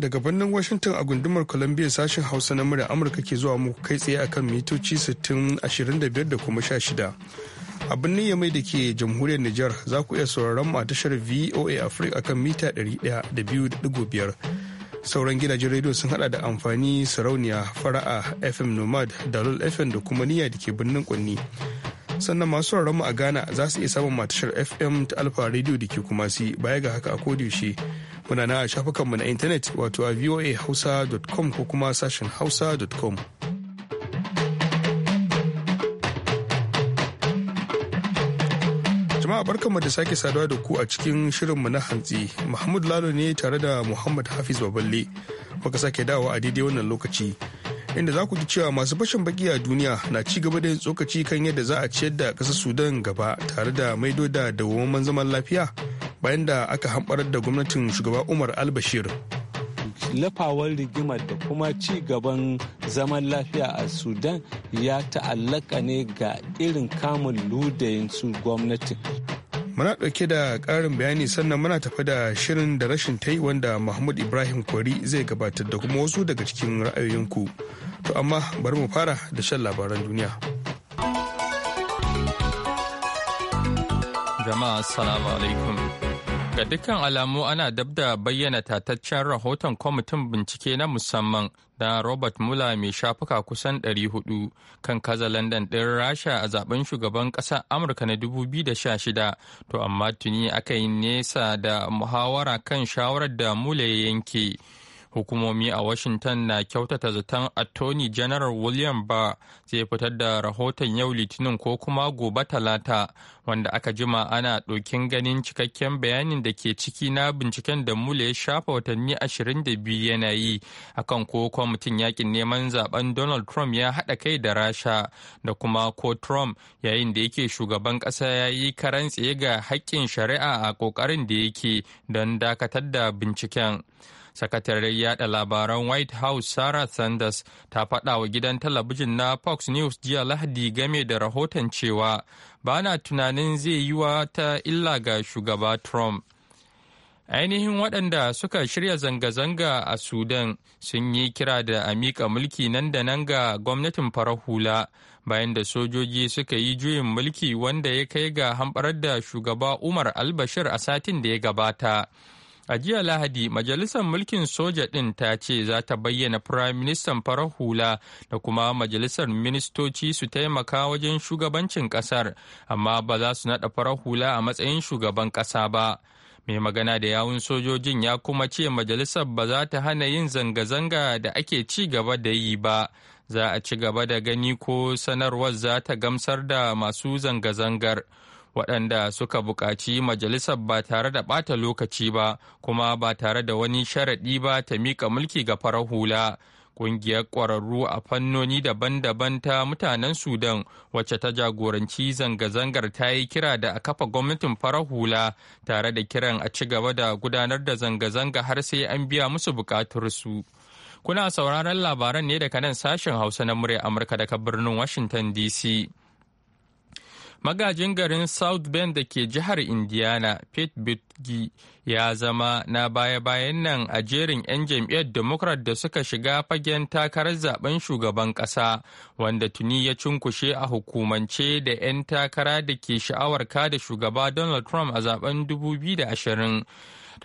daga birnin Washington a gundumar Columbia sashen Hausa na murya Amurka ke zuwa muku kai tsaye akan mitoci 60 da kuma 16. a birnin yamai da ke jamhuriyar niger za ku iya sauraron mu a tashar VOA Africa akan mita 100.5 sauran gidajen rediyo sun hada da amfani sarauniya fara'a fm nomad dalol fm da kuma niyya da ke birnin kunni sannan masu sauraron mu a ghana za su iya samun matashar fm ta alfa radio da ke kumasi baya ga haka a kodiyoshe muna na shafukanmu na intanet wato a voahausa.com ko kuma sashen hausa.com jama'a barkanmu da sake saduwa da ku a cikin shirin mu na hantsi mahmud lalo ne tare da muhammad hafiz baballe muka sake dawo a daidai wannan lokaci inda za ku ji cewa masu fashin baki a duniya na ci gaba da yin tsokaci kan yadda za a ciyar da ƙasar sudan gaba tare da maido da dawowar zaman lafiya bayan da aka hamɓarar da gwamnatin shugaba umar albashir lafawar rigimar da kuma ci gaban zaman lafiya a sudan ya ta'allaka ne ga irin kamun ludayin su gwamnatin muna ɗauke da ƙarin bayani sannan muna tafi da shirin da rashin ta yi wanda mahmud ibrahim kwari zai gabatar da kuma wasu daga cikin ra'ayoyinku to amma bari mu fara da shan labaran duniya jama'a assalamu alaikum Ga dukkan alamu ana dab da bayyana tataccen rahoton kwamitin bincike na musamman da Robert Mueller mai shafuka kusan 400 kan kazalandan ɗin Rasha a zaben shugaban ƙasar Amurka na 2016, to amma tuni aka yi nesa da muhawara kan shawarar da Mueller ya yanke. hukumomi a washington na kyautata zaton attorney general william ba zai fitar da rahoton yau litinin ko kuma gobe talata wanda aka jima ana ɗokin ganin cikakken bayanin da ke ciki na binciken da mule ya shafa watanni 22 yana yi akan ko kwamitin yakin neman zaben donald trump ya haɗa kai da rasha da kuma ko trump yayin da yake shugaban ƙasa ya yi karan tsaye ga haƙƙin shari'a a ƙoƙarin da yake don dakatar da binciken. sakataren yada labaran white house sarah sanders ta faɗa wa gidan talabijin na fox news jiya lahadi game da rahoton cewa ba na tunanin zai yi wa ta illa ga shugaba trump ainihin waɗanda suka shirya zanga-zanga a sudan sun yi kira da a miƙa mulki nan da nan ga gwamnatin farar hula bayan da sojoji suka yi juyin mulki wanda ya kai ga hamɓarar da shugaba umar albashir a satin da ya gabata A jiya Lahadi, Majalisar Mulkin Soja ɗin ta ce za ta bayyana Firayim Ministan farar hula da kuma Majalisar Ministoci su taimaka wajen shugabancin ƙasar, amma ba za su naɗa farar hula a matsayin shugaban ƙasa ba. Mai magana da yawun sojojin ya kuma ce majalisar ba za ta hana yin zanga-zanga da ake ci gaba da yi ba. Za a ci gaba da gani ko sanarwar za ta gamsar da masu zanga-zangar. waɗanda suka buƙaci majalisar ba tare da ɓata lokaci ba kuma ba tare da wani sharaɗi ba ta miƙa mulki ga farar hula. Ƙungiyar ƙwararru a fannoni daban-daban ta mutanen Sudan wacce ta jagoranci zanga-zangar ta yi kira da a kafa gwamnatin farar hula tare da kiran a ci gaba da gudanar da zanga-zanga har sai an biya musu buƙatarsu. Kuna sauraron labaran ne daga nan sashen Hausa na murya Amurka daga birnin Washington DC. magajin garin south bend da ke jihar indiana pete bitgi ya zama na baya-bayan nan a jerin 'yan jam'iyyar democrat da suka shiga fagen takarar zaben shugaban kasa wanda tuni ya cunkushe a hukumance da 'yan takara da ke sha'awar kada shugaba donald trump a zaben 2020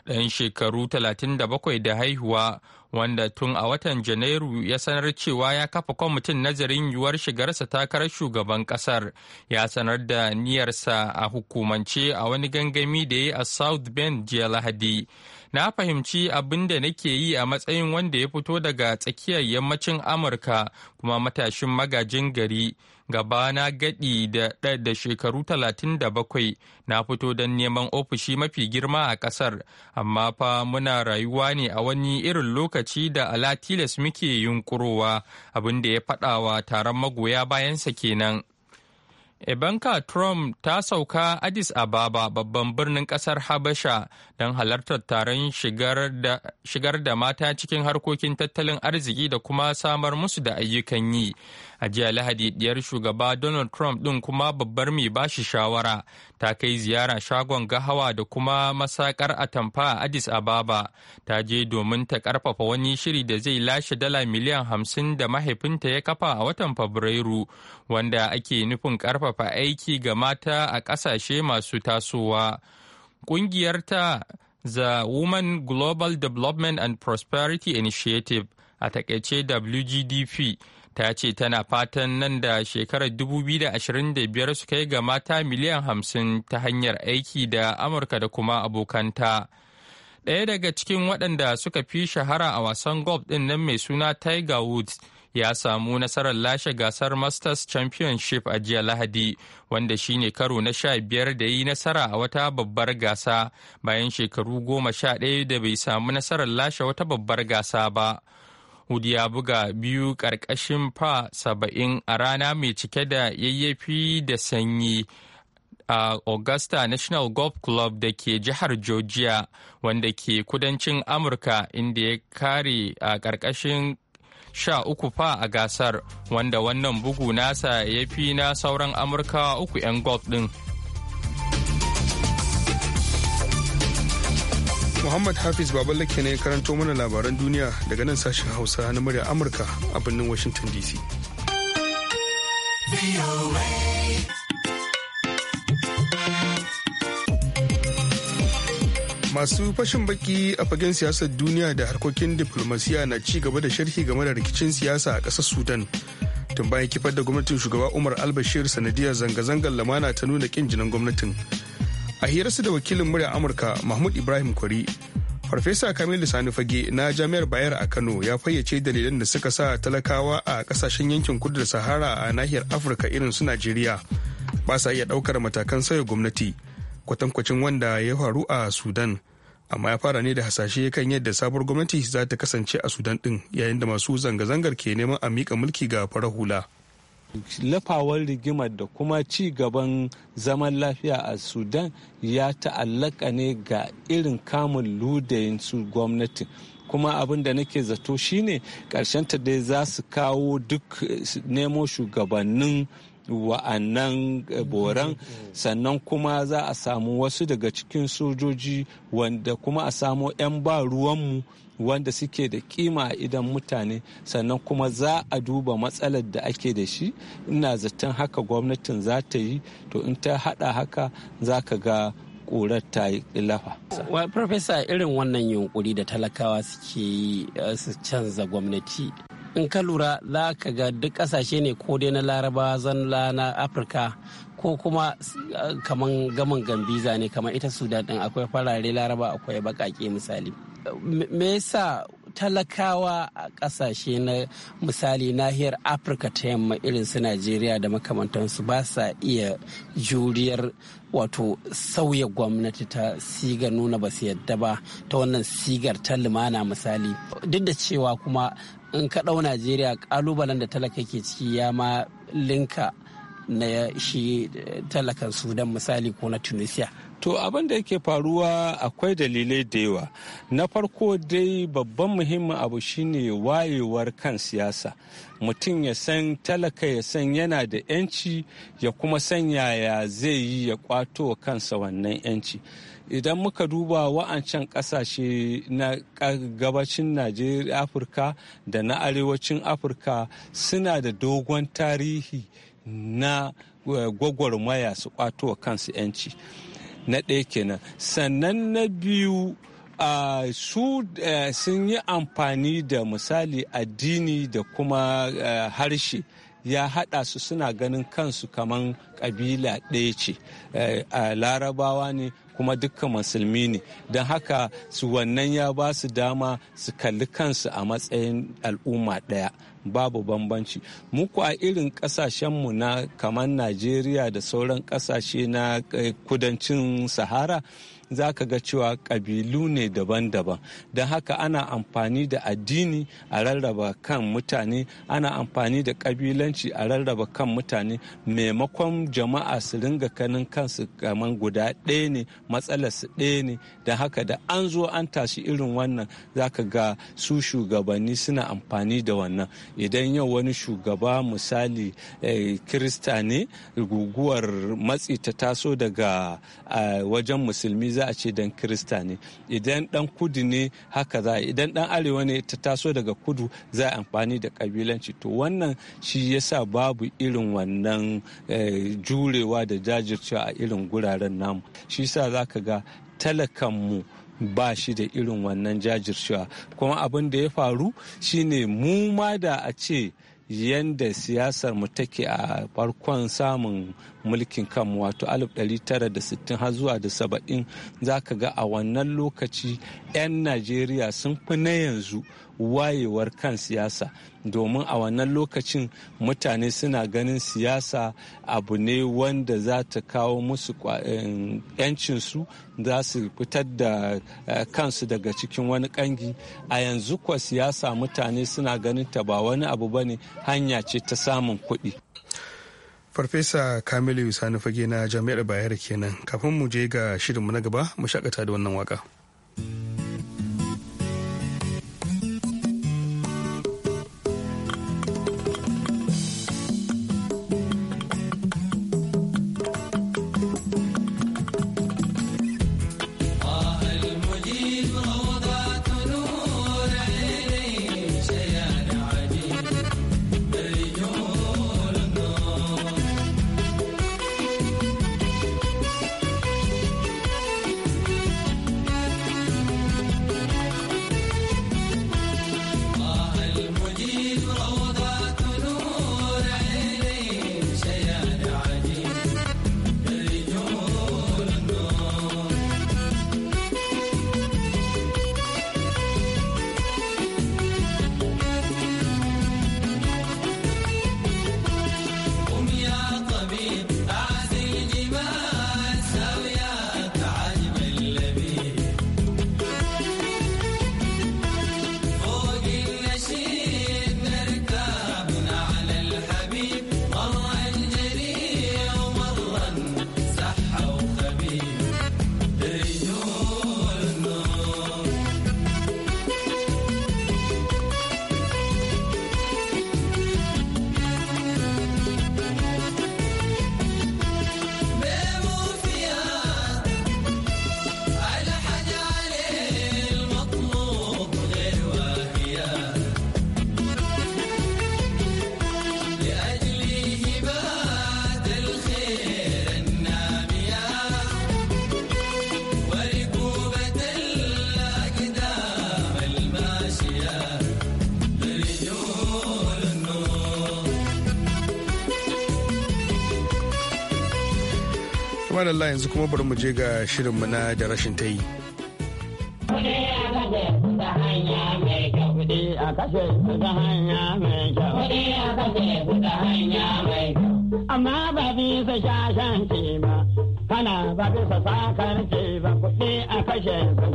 ɗan shekaru 37 da haihuwa wanda tun a watan janairu ya sanar cewa ya kafa kwamitin nazarin yiwuwar shigarsa takarar shugaban kasar ya sanar da niyarsa a hukumance a wani gangami da ya a south bend jiya lahadi na fahimci abin da nake yi a matsayin wanda ya fito daga tsakiyar yammacin amurka kuma matashin magajin gari gaba na gaɗi da da shekaru 37 na fito don neman ofishi mafi girma a ƙasar amma fa muna rayuwa ne a wani irin lokaci da alatilas muke yunkurowa abin da ya faɗawa taron magoya bayansa kenan. Ibanka Trump ta sauka Addis Ababa babban birnin kasar Habasha don halartar taron shigar da mata cikin harkokin tattalin arziki da kuma samar musu da ayyukan yi. A jiya Lahadi diyar shugaba Donald Trump ɗin kuma babbar mai bashi shawara ta kai ziyara shagon gahawa da kuma masakar atamfa a Addis Ababa ta je domin ta karfafa wani shiri da zai lashe dala miliyan hamsin da mahaifinta ya kafa a watan Fabrairu wanda ake nufin ƙarfafa aiki ga mata a ƙasashe masu tasowa. kungiyar ta The Women Global Development and Prosperity Initiative a takaice WGDP ta ce tana fatan nan da shekarar 2025 su kai ga mata miliyan hamsin ta hanyar aiki da Amurka da kuma abokanta. Ɗaya daga cikin waɗanda suka fi shahara a wasan golf ɗin nan mai suna Tiger Woods ya samu nasarar lashe gasar masters championship a jiya lahadi wanda shine karo na sha biyar da yi nasara a wata babbar gasa bayan shekaru goma sha ɗaya da bai samu nasarar lashe wata babbar gasa ba wudi ya buga biyu ƙarƙashin fa saba'in a rana mai cike da yayyafi da sanyi a Augusta National Golf Club da ke jihar Georgia wanda ke kudancin Amurka inda ya kare a ƙarƙashin sha uku fa a gasar wanda wannan bugu nasa ya fi na sauran amurka uku 'yan golf ɗin. Muhammad Hafiz Babalake ne karanto mana labaran duniya daga nan sashen Hausa na murya Amurka a birnin Washington DC. masu fashin baki a fagen siyasar duniya da harkokin diplomasiya na ci gaba da sharhi game da rikicin siyasa a ƙasar sudan tun bayan kifar da gwamnatin shugaba umar albashir sanadiyar zanga-zangar lamana ta nuna kin jinin gwamnatin a hirarsa da wakilin murya amurka mahmud ibrahim kwari farfesa kamilu sani fage na jami'ar bayar a kano ya fayyace dalilan da suka sa talakawa a kasashen yankin kudu da sahara a nahiyar afirka irin su najeriya ba sa iya daukar matakan sauya gwamnati kwatankwacin wanda ya faru a sudan amma ya fara ne da hasashe kan yadda sabuwar gwamnati za ta kasance a sudan din yayin da masu zanga-zangar ke neman a mika mulki ga farar hula lafawar rigimar da kuma ci gaban zaman lafiya a sudan ya ta'allaka ne ga irin kamun ludayin su gwamnati kuma abin da nake zato shine ta dai za su kawo duk nemo shugabannin wa'annan eh, boran mm-hmm. Mm-hmm. sannan kuma za a samu wasu daga cikin sojoji wanda kuma a samu 'yan ba ruwanmu wanda suke da kima a idan mutane sannan kuma za a duba matsalar da ake da shi ina zaton haka gwamnatin za ta yi to in ta hada haka za ka ga ƙurar ta yi lafa. Profesa irin wannan yunkuri da talakawa suke yi eh, su canza gwamnati in ka lura za ka ga duk kasashe ne ko dai na laraba zanla na afirka ko kuma eh, kaman gaman gambiza ne kamar ita sudan din akwai farare laraba akwai bakake misali me yasa talakawa a kasashe na misali nahiyar afirka ta yamma irin su najeriya da makamantansu ba sa iya juriyar wato sauya gwamnati ta sigar nuna ba su yadda ba ta wannan sigar ta lumana misali duk da cewa kuma in ka ɗau najeriya ƙalubalen da talaka ke ciki ya ma linka na shi talakan sudan misali ko na tunisia to abin da yake faruwa akwai dalilai da yawa na farko dai babban muhimmin abu shine wayewar kan siyasa mutum ya san talaka ya san yana da 'yanci ya kuma san yaya zai yi ya kwato kansa wannan 'yanci idan muka duba wa'ancan kasashe na gabacin najeriya afirka da na arewacin afirka suna da dogon tarihi na eh, gwagwarmaya su kwato kansu 'yanci na ɗaya kenan sannan na biyu su eh, sun yi amfani da misali addini da kuma eh, harshe ya haɗa su suna ganin kansu kaman ƙabila ɗaya ce eh, larabawa ne kuma dukkan musulmi ne don haka su wannan ya ba su dama su kalli kansu a matsayin al'umma ɗaya babu bambanci muku a irin kasashenmu na kamar najeriya da sauran kasashe na eh, kudancin sahara za ka ga cewa ƙabilu ne daban-daban don haka ana amfani da addini a rarraba kan mutane ana amfani da ƙabilanci a rarraba kan mutane maimakon jama'a su ringa kanin kansu kaman guda ɗaya ne matsalarsu ɗaya ne don haka da an zo an tashi irin wannan za ka ga su shugabanni suna amfani da wannan idan yau wani shugaba misali eh, kirista ne guguwar matsi ta taso daga eh, wajen musulmi za a ce dan kirista ne idan dan kudu ne haka za idan dan arewa ne ta taso daga kudu za a amfani da kabilanci to wannan shi yasa babu irin wannan eh, jurewa da jajircewa a irin guraren namu shi sa za ka ga talakanmu ba shi da irin wannan jajircewa kuma abin da ya faru shine mu ma da a ce yadda siyasar mu take a farkon samun mulkin kanmu wato 1960 har zuwa da saba'in za ka ga a wannan lokaci 'yan najeriya sun fi na yanzu wayewar kan siyasa domin a wannan lokacin mutane suna ganin siyasa abu ne wanda za ta kawo musu yancinsu za su fitar da eh, kansu daga cikin wani kangi a yanzu kwa siyasa mutane suna ganin ta ba wani abu ba ne hanya ce ta samun kuɗi farfesa kamilu sani fage na jami'ar bayero kenan kafin mu je ga shirinmu na gaba mu shakata da wannan waka. Allah yanzu kuma bari mu je ga mu na da rashin ta yi. Amma ba bisa ba, kana ba ba, kuɗi a kashe su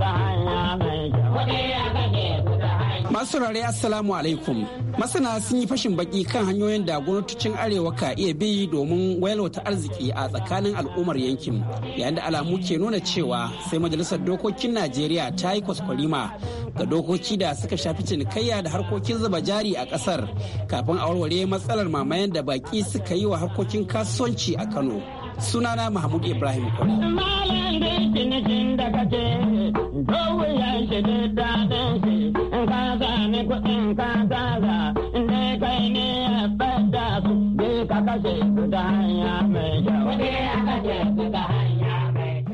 a Masu rare Assalamu alaikum. Masana sun yi fashin baki kan hanyoyin da gwamnatocin Arewa ka iya bi domin wayarwata arziki a tsakanin al'ummar yankin. Yayin da alamu ke nuna cewa sai Majalisar Dokokin Najeriya ta yi kwaskwarima ga dokoki da suka shafi cinikayya da harkokin zuba jari a kasar kafin a warware matsalar mamayen da baki suka yi wa harkokin kasuwanci a Kano. sunana mahmud ibrahim kwari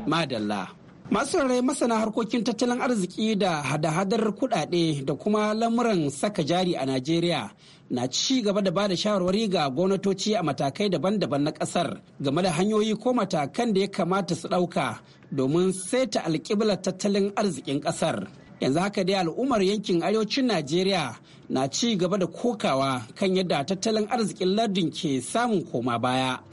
Madalla. Masu rai masana harkokin tattalin arziki da hada-hadar kuɗaɗe da kuma lamuran saka jari a Najeriya na ci gaba da bada shawarwari ga gwamnatoci a matakai daban-daban na kasar game da hanyoyi ko matakan da ya kamata su dauka domin saita alkiblar tattalin arzikin kasar Yanzu haka dai al'ummar yankin arewacin Najeriya na ci gaba da kokawa kan yadda tattalin arzikin lardin ke samun koma baya.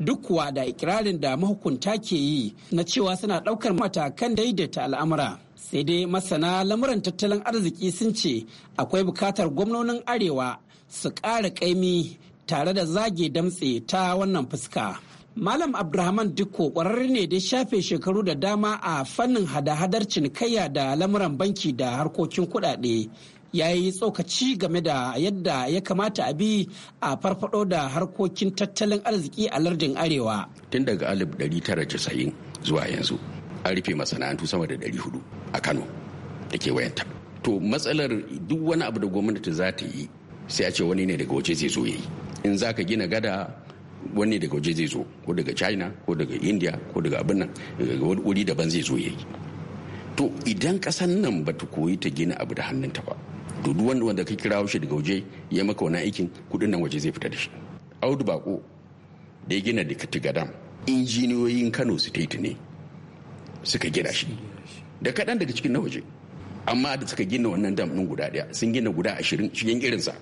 duk kuwa da ikirarin da mahukunta ke yi na cewa suna ɗaukar matakan daidaita al'amura. Sai dai masana lamuran tattalin arziki sun ce akwai bukatar gwamnonin Arewa su ƙara ƙaimi tare da zage damtse ta wannan fuska. Malam Abdulrahman dukko ƙwararre ne da shafe shekaru da dama a fannin hada-hadar cinikayya da lamuran banki da harkokin kuɗaɗe. ya yi tsokaci game da yadda ya kamata a bi a farfado da harkokin tattalin arziki a lardin arewa tun daga 1990 zuwa yanzu an rufe masana'antu sama da 400 a kano da ke wayanta to matsalar duk wani abu da gwamnati za ta yi sai a ce wani ne daga waje zai zo yi in za ka gina gada wani daga waje zai zo ko daga china ko daga india ko daga abin nan daga wuri daban zai zo yi to idan kasan nan ba ta koyi ta gina abu da hannunta ba Dudu duk wanda wanda ka kirawo shi daga waje ya maka wani aikin kudin nan waje zai fita da shi audu bako da ya gina da katigadam injiniyoyin kano state ne suka gina shi da kaɗan daga cikin na waje amma da suka gina wannan dam ɗin guda ɗaya sun gina guda ashirin cikin irinsa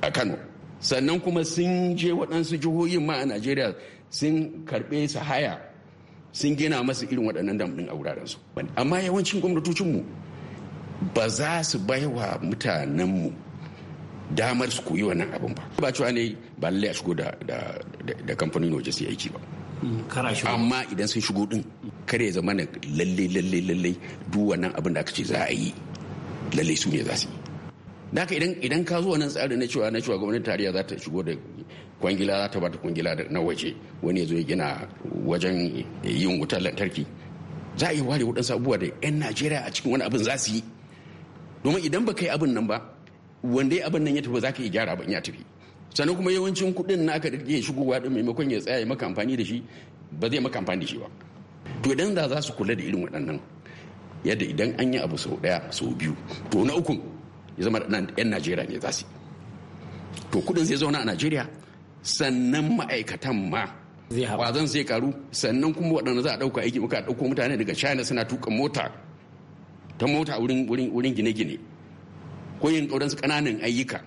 a kano sannan kuma sun je waɗansu jihohin ma a najeriya sun karɓe su haya sun gina masu irin waɗannan dam ɗin a su amma yawancin gwamnatocinmu ba za su baiwa mutanenmu damar su koyi wannan abin ba ba cewa ne ba lallai a shigo da kamfanin waje su aiki ba hmm, amma idan sun shigo din kare zama na lalle lalle lalle duk wannan abin da aka ce za a yi lalle su ne za su yi da haka idan ka zo wannan tsarin na cewa na cewa gwamnatin tarayya za ta shigo da kwangila za ta bata kwangila na waje wani ya zo ya gina wajen yin wutar lantarki za a yi ware waɗansu abubuwa da 'yan najeriya a cikin wani abin za su yi domin idan ba ka yi abin nan ba wanda ya abin nan ya tafi za ka yi gyara ba in ya tafi sannan kuma yawancin kuɗin na aka rike shigowa ɗin maimakon ya tsaya ya maka amfani da shi ba zai maka amfani da shi ba to idan da za su kula da irin waɗannan yadda idan an yi abu sau ɗaya sau biyu to na ukun ya zama yan najeriya ne za su to kuɗin zai zauna a najeriya sannan ma'aikatan ma kwazon zai karu sannan kuma waɗanda za a ɗauka aiki muka ɗauko mutane daga china suna tuka mota ta mota wurin gine-gine ko yin su ƙananan ayyuka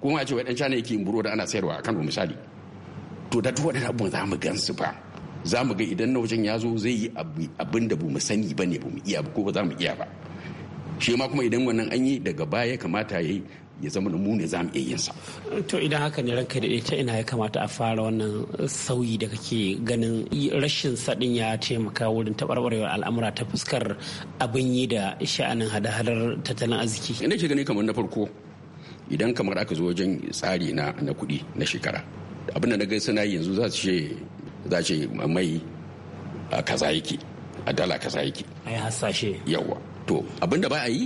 kuma a ce wai dan cana yake buro da ana sayarwa a kano misali to da tuwa da abubuwan za mu gan su ba za mu ga idan na wajen ya zo zai yi abin da mu sani ba ne ba mu iya ba ko ba za mu iya ba shi ma kuma idan wannan an yi daga baya kamata ya yi ya zama mu ne za mu iya yin sa. To idan haka ne ranka da ta ina ya kamata a fara wannan sauyi da kake ganin rashin sadin ya taimaka wurin taɓarɓarewar al'amura ta fuskar abin yi da sha'anin hada-hadar tattalin arziki. Ina ke gani kamar na farko idan kamar aka zo wajen tsari na na kuɗi na shekara abin da na ga suna yanzu za su ce za ce mai kaza yake a dala kaza yake. Ai hasashe. Yawwa. to abin da ba a yi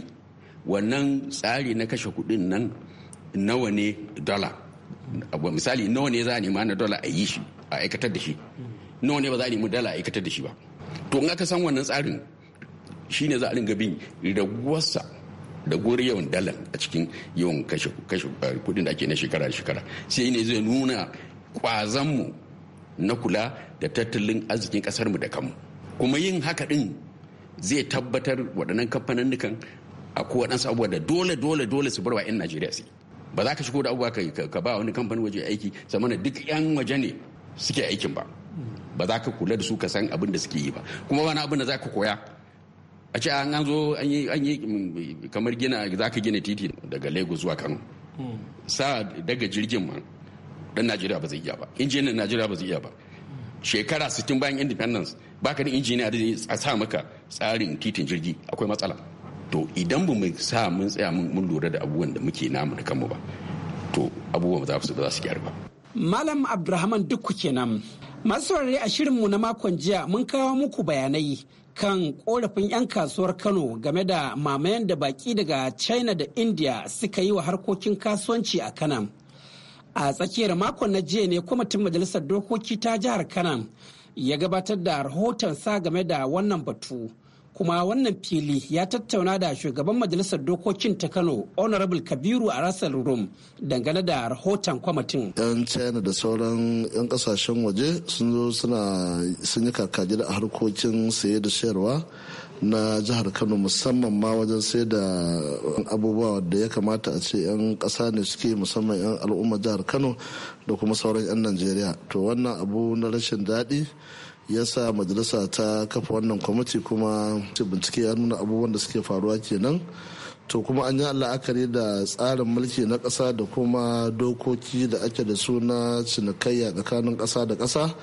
wannan tsari na kashe kuɗin nan nawa ne dala misali nawa ne za a nema na dola a yi shi a aikatar da shi nawa ne ba za a nemi dala a aikatar da shi ba to in aka san wannan tsarin shine za a ringa bin raguwarsa da gori yawan dalan a cikin yawan kashe eh, kudin da ake na shekara da shekara sai ne zai nuna kwazanmu na kula da tattalin arzikin kasarmu da kanmu kuma yin haka din zai tabbatar waɗannan kamfanin a waɗansu abubuwa da dole dole dole su bar wa 'yan najeriya su ba za ka shigo da abubuwa ka ba wani kamfanin waje aiki zamana duk 'yan waje ne suke aikin ba ba za ka kula da su ka san abin da suke yi ba kuma wani abin da za ka koya a ce an zo an yi mm, kamar gina za ka gina titi daga lagos zuwa kano hmm. sa daga jirgin ma dan najeriya ba zai iya ba injiniyan najeriya ba zai iya ba shekara 60 bayan independence baka da injiniya da zai sa maka tsarin titin jirgi akwai matsala to idan ba mu sa mun tsaya mun lura da abubuwan da muke namu da kanmu ba to abubuwan za su ba za su gyara ba malam abdulrahman kuke kenan masu a shirin mu na makon jiya mun kawo muku bayanai kan korafin 'yan kasuwar kano game da mamayen da baki daga china da india suka yi wa harkokin kasuwanci a kanan a tsakiyar makon na jiya ne kwamitin majalisar dokoki ta jihar kanan ya gabatar da rahoton sa game da wannan batu kuma wannan fili ya tattauna da shugaban majalisar dokokin ta kano honorable kabiru a rasar rum dangane da rahoton kwamitin yan china da sauran yan kasashen waje sun zo suna sun yi kakaji da harkokin saye da sayarwa na jihar kano musamman ma wajen sai da abubuwa da ya kamata a ce 'yan kasa ne suke musamman 'yan al'umma jihar kano da kuma sauran 'yan najeriya to wannan abu na rashin daɗi ya sa majalisa ta kafa wannan kwamiti kuma bincike ya nuna abubuwan da suke faruwa kenan to kuma an yi la'akari da tsarin mulki na ƙasa da kuma dokoki da ake da su na cinikayya tsakanin ƙasa da ƙasa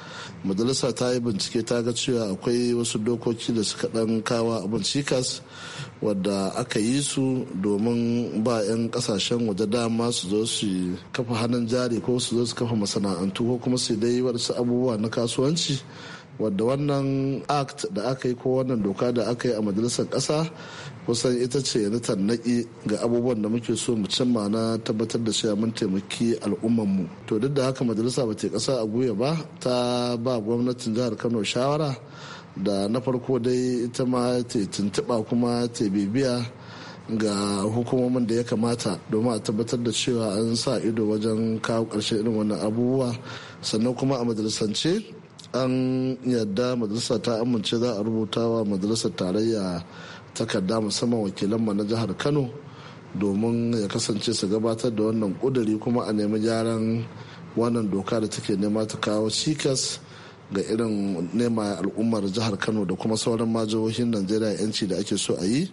majalisa ta yi bincike ta ga cewa akwai wasu dokoki da suka ɗan kawa abin cikas wadda aka yi su domin ba 'yan ƙasashen waje dama su zo su kafa hannun jari ko su zo su kafa masana'antu ko kuma su dai wasu abubuwa na kasuwanci wadda wannan act da aka yi ko wannan doka da aka yi a majalisar ƙasa kusan ita ce na tannaki ga abubuwan da muke so mu cimma na tabbatar da cewa mun taimaki al'ummar mu. to duk da haka majalisa ba ta kasa a guya ba ta ba gwamnatin jihar kano shawara da na farko dai ita ma ta tuntuɓa kuma ta bibiya ga hukumomin da ya kamata domin a tabbatar da cewa an sa ido wajen kawo ƙarshen irin wannan abubuwa sannan kuma a majalisance an yadda majalisa ta amince za a rubuta wa majalisar tarayya takarda musamman wakilanmu na jihar kano domin ya kasance su gabatar da wannan kuduri kuma a nemi gyaran wannan doka da take nema ta kawo cikas ga irin nema al'ummar jihar kano da kuma sauran majihohin najeriya yanci da ake so a yi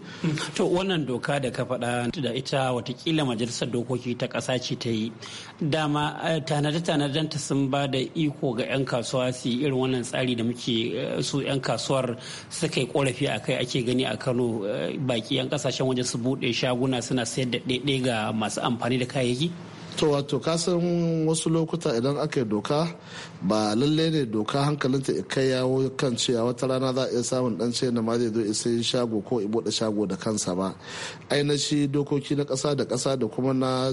to wannan doka da ka faɗa da ita watakila majalisar dokoki ta ƙasa ce ta yi dama eh, tanadar ta sun ba da iko ga 'yan kasuwa su yi irin wannan tsari da muke eh, su 'yan kasuwar suka yi korafi a kai ake gani a kano eh, baki 'yan kasashen waje su buɗe shaguna suna sayar da ɗaiɗe ga masu amfani da kayayyaki to wato kasan wasu lokuta idan aka yi doka ba lalle ne doka hankalinta ya kai yawo kan cewa wata rana za a iya samun dan ce na ma zai zo isa shago ko i bude shago da kansa ba ainihi dokoki na kasa da kasa da kuma na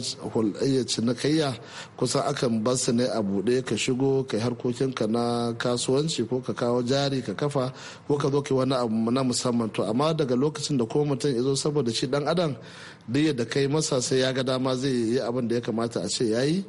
na kaiya kusan akan bar su ne a buɗe ka shigo kai harkokinka na kasuwanci ko ka kawo jari ka kafa ko ka zo kai wani abu na musamman to amma daga lokacin da ko mutum ya zo saboda shi dan adam duk da kai masa sai ya ga dama zai yi abin da ya kamata a ce ya yi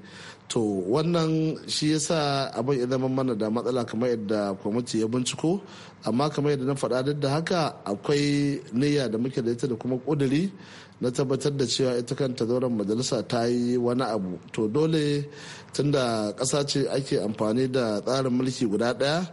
to wannan shi yasa abin ya zama mana da matsala kamar yadda kwamiti ya binciko amma kamar yadda na faɗa duk da haka akwai niyya da muke da ita da kuma ƙuduri na tabbatar da cewa ita kanta zauren majalisa ta yi wani abu to dole tunda ƙasa ce ake amfani da tsarin mulki guda ɗaya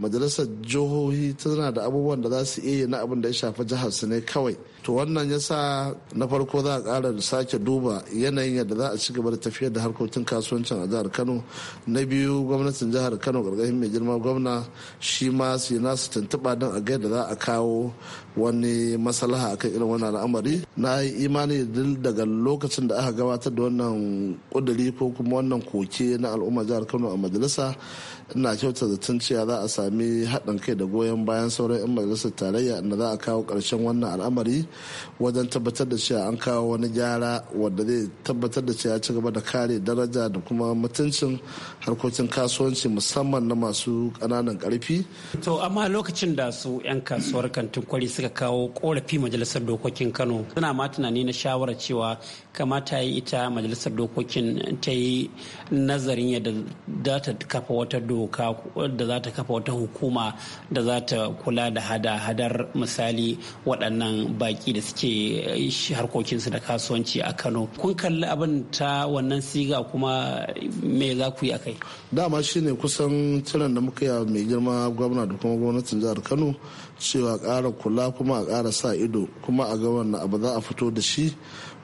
majalisar jihohi tana da abubuwan da za su iya na abin da ya shafi jihar su ne kawai to wannan ya sa na farko za a kara sake duba yanayin yadda za a ci gaba da tafiyar da harkokin kasuwancin a jihar kano na biyu gwamnatin jihar kano ƙarƙashin mai girma gwamna shi ma su na su tuntuɓa don a ga yadda za a kawo wani maslaha kan irin wannan al'amari na yi imani daga lokacin da aka gabatar da wannan ƙuduri ko kuma wannan koke na al'umma jihar kano a majalisa ina kyauta zaton cewa za a sami haɗin kai da goyon bayan sauran 'yan majalisar tarayya inda za a kawo ƙarshen wannan al'amari wajen tabbatar da cewa an kawo wani gyara wanda zai tabbatar da cewa ci gaba da kare daraja da kuma mutuncin harkokin kasuwanci musamman na masu ƙananan karfi. to amma lokacin da su 'yan kasuwar kantin kwari suka kawo korafi majalisar dokokin kano suna ma tunani na shawarar cewa kamata yi ita majalisar dokokin ta yi nazarin yadda za ta kafa wata doka da za ta kafa wata hukuma da za ta kula da hada-hadar misali waɗannan baƙi da suke eh, harkokinsu da kasuwanci a kano kun kalli abin ta wannan siga kuma me za ku yi a kai dama shine kusan tiran da muka yi mai girma gwamna da kuma gwamnatin jihar kano cewa kara kula kuma a kara sa ido kuma a ga wannan abu za a fito da shi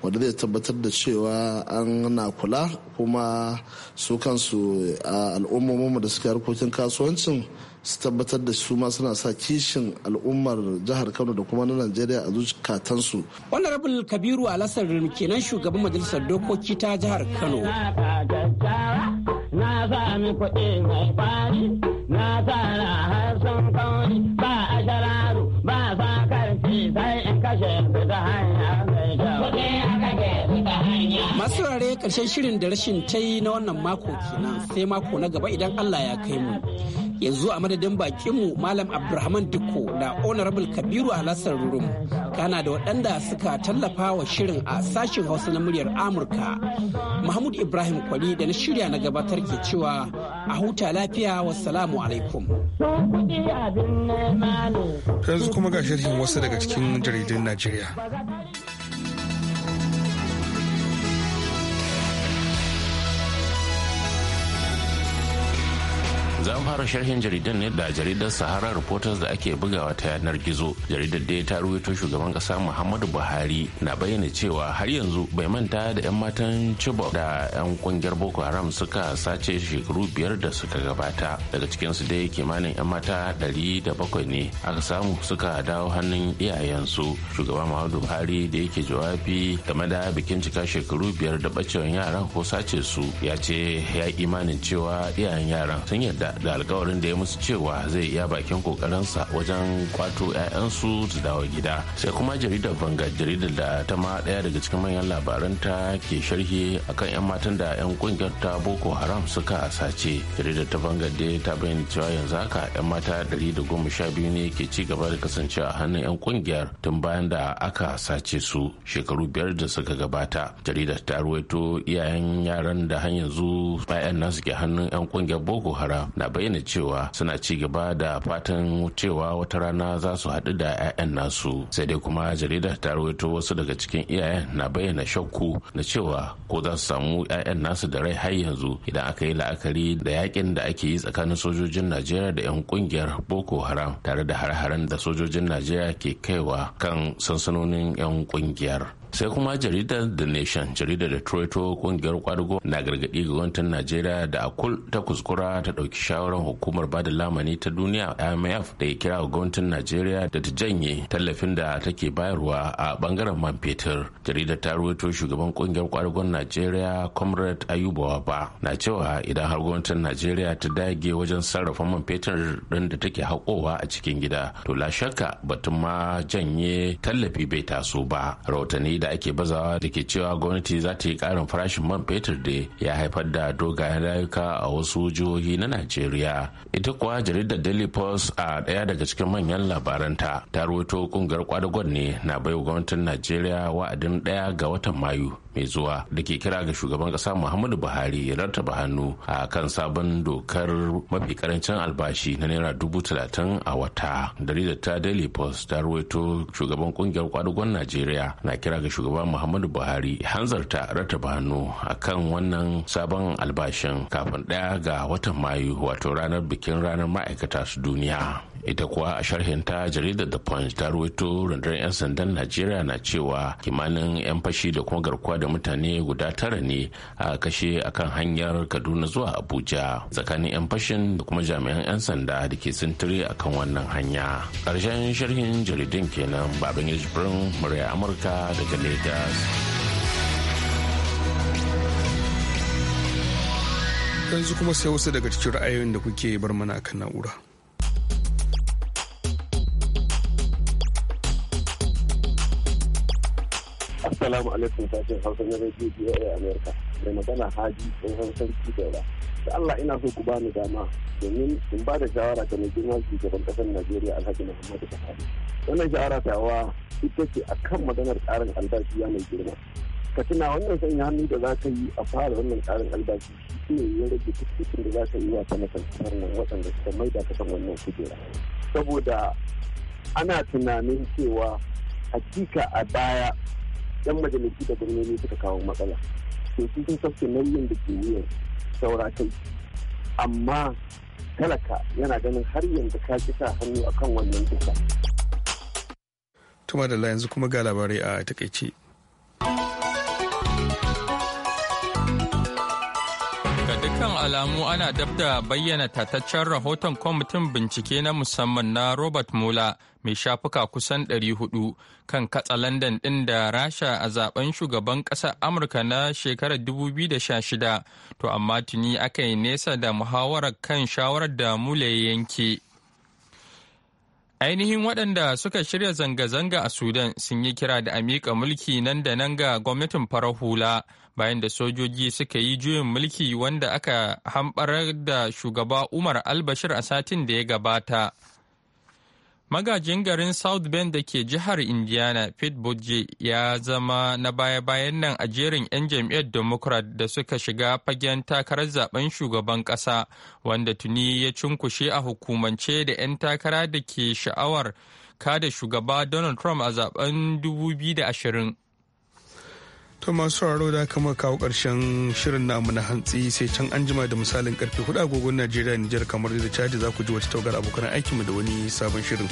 wanda zai tabbatar da cewa an na kula kuma su kansu al'ummominmu da suke harkokin kasuwancin su tabbatar da su ma suna sa kishin al'ummar jihar kano da kuma na najeriya a wanda rabin kabiru lasar kenan shugaban majalisar dokoki ta jihar kano na karshen shirin da rashin ta yi na wannan mako kenan sai mako na gaba idan Allah ya kai mu. Yanzu a madadin mu Malam Abrahaman Dikko da Honorable Kabiru Alhassan Rurum kana da waɗanda suka tallafa wa shirin a sashen Hausa na muryar Amurka. Mahmud Ibrahim Kwali da na shirya na gabatar ke cewa a huta lafiya wassalamu alaikum. Yanzu kuma ga sharhin wasu daga cikin jaridun Najeriya. yanzu an fara sharhin jaridar ne da jaridar sahara reporters da ake bugawa ta yanar gizo jaridar da ta ruwaito shugaban kasa muhammadu buhari na bayyana cewa har yanzu bai manta da 'yan matan chibok da 'yan kungiyar boko haram suka sace shekaru biyar da suka gabata daga cikinsu dai kimanin 'yan mata ɗari da bakwai ne aka samu suka dawo hannun iyayensu shugaban muhammadu buhari da yake jawabi game da bikin cika shekaru biyar da bacewan yaran ko sace su ya ce ya imanin cewa iyayen yaran sun yarda da alkawarin da ya musu cewa zai iya bakin kokarinsa wajen kwato 'ya'yansu su dawo gida sai kuma jaridar vanga jaridar da ta ma daya daga cikin manyan ta ke sharhi akan 'yan matan da 'yan kungiyar ta boko haram suka sace jaridar ta da ta bayyana cewa yanzu haka 'yan mata 112 ne ke ci gaba da kasancewa a hannun 'yan kungiyar tun bayan da aka sace su shekaru biyar da suka gabata jaridar ta ruwaito iyayen yaran da har yanzu 'ya'yan nasu ke hannun 'yan kungiyar boko haram na na bayyana cewa suna ci gaba da fatan cewa wata rana za su haɗu da 'ya'yan nasu sai dai kuma jarida ta rawaito wasu daga cikin iyayen na bayyana shakku na cewa ko za su samu 'ya'yan nasu da rai har yanzu idan aka yi la'akari da yakin da ake yi tsakanin sojojin najeriya da 'yan kungiyar boko haram tare da har-haren da sojojin najeriya ke kaiwa kan sansanonin 'yan kungiyar sai kuma jaridar the nation jaridar da troito kungiyar kwadugo na gargadi ga gwamnatin najeriya da akul ta kuskura ta dauki shawarar hukumar bada lamani ta duniya imf da ya kira ga gwamnatin najeriya da ta janye tallafin da take bayarwa a bangaren man fetur jaridar ta ruwaito shugaban kungiyar kwadugon najeriya comrade Ayubawa ba na cewa idan har gwamnatin najeriya ta dage wajen sarrafa man fetur din da take haƙowa a cikin gida to la shakka batun ma janye tallafi bai taso ba rahotanni da da ake bazawa da ke cewa gwamnati za ta yi karin farashin man fetur da ya haifar da dogayen rayuka a wasu jihohi na najeriya ita kuwa jaridar daily post a ɗaya daga cikin manyan labaranta ta rawaito kungiyar kwadagon ne na baiwa gwamnatin najeriya wa'adin ɗaya ga watan mayu mai zuwa da ke kira ga shugaban kasa muhammadu buhari ya rartaba hannu a kan sabon dokar mafi karancin albashi na naira dubu talatin a wata jaridar ta daily post ta ruwaito shugaban kungiyar kwadugon najeriya na kira ga shugaban muhammadu buhari hanzarta rartaba hannu a kan wannan sabon albashin kafin daya ga watan mayu wato ranar bikin ranar ma'aikata su duniya ita kuwa a sharhin ta jaridar the punch ta ruwaito rundunar 'yan sandan najeriya na cewa kimanin 'yan fashi da kuma garkuwa da mutane guda tara ne a kashe akan hanyar kaduna zuwa abuja tsakanin 'yan fashin da kuma jami'an 'yan sanda da ke sintiri akan wannan hanya ƙarshen sharhin jaridun kenan baban yajibirin murya amurka daga lagos yanzu kuma sai wasu daga cikin ra'ayoyin da kuke bar mana akan na'ura Assalamu alaikum sashen Hausa na Radio BOA Amerika. Mai magana Haji tsohon sarki gaba Da Allah ina so ku bani dama domin in ba da shawara ga mai girma shugaban ƙasar Najeriya Alhaji Muhammadu Buhari. Wannan shawara tawa ita ce a kan maganar ƙarin albashi ya mai girma. Ka tuna wannan sanya hannu da za ka yi a fara wannan ƙarin albashi shi ne ya rage tuttukin da za ka yi wa sanatar nan waɗanda suka maida ka kan wannan kujera. Saboda ana tunanin cewa hakika a baya yan majalisi da ne suka kawo matsala to su sun sauke nauyin da ke wuyan saura kai amma talaka yana ganin har yanzu ka ki sa hannu akan wannan duka. Tuma da yanzu kuma ga labarai a takaice. alamu ana dab da bayyana tataccen rahoton kwamitin bincike na musamman na Robert Mueller mai shafuka kusan 400 kan katsa katsalandan din da rasha a zaben shugaban ƙasar amurka na shekarar 2016 to amma tuni aka yi nesa da muhawarar kan shawarar da mule yanke ainihin waɗanda suka shirya zanga-zanga a sudan sun yi kira da amika mulki nan da nan ga gwamnatin farar hula bayan da sojoji suka yi juyin mulki wanda aka hambarar da shugaba Umar Albashir a satin da ya gabata. Magajin garin South Bend da ke jihar Indiana, Pete ya zama na baya-bayan nan a jerin 'yan jam'iyyar Democrat da suka shiga fagen takarar zaben shugaban kasa wanda tuni ya cunkushe a hukumance da 'yan takara da ke sha'awar kada shugaba Donald Trump a zaben 2020. To masu sauraro da kama kawo karshen shirin namu na hantsi sai can an jima da misalin karfe hudu agogon Najeriya Nijar kamar da caji za ku ji wata taugar abokan aikinmu da wani sabon shirin.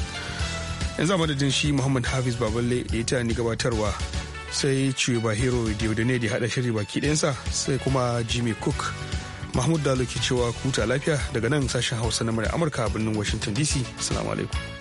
Yanzu a madadin shi Muhammad Hafiz Baballe da ya ni gabatarwa sai Ciwe Bahiro ne da haɗa shiri baki ɗayansa sai kuma Jimmy Cook. Mahmud Dalo ke cewa kuta lafiya daga nan sashen Hausa na Amurka a birnin Washington DC. Assalamu alaikum.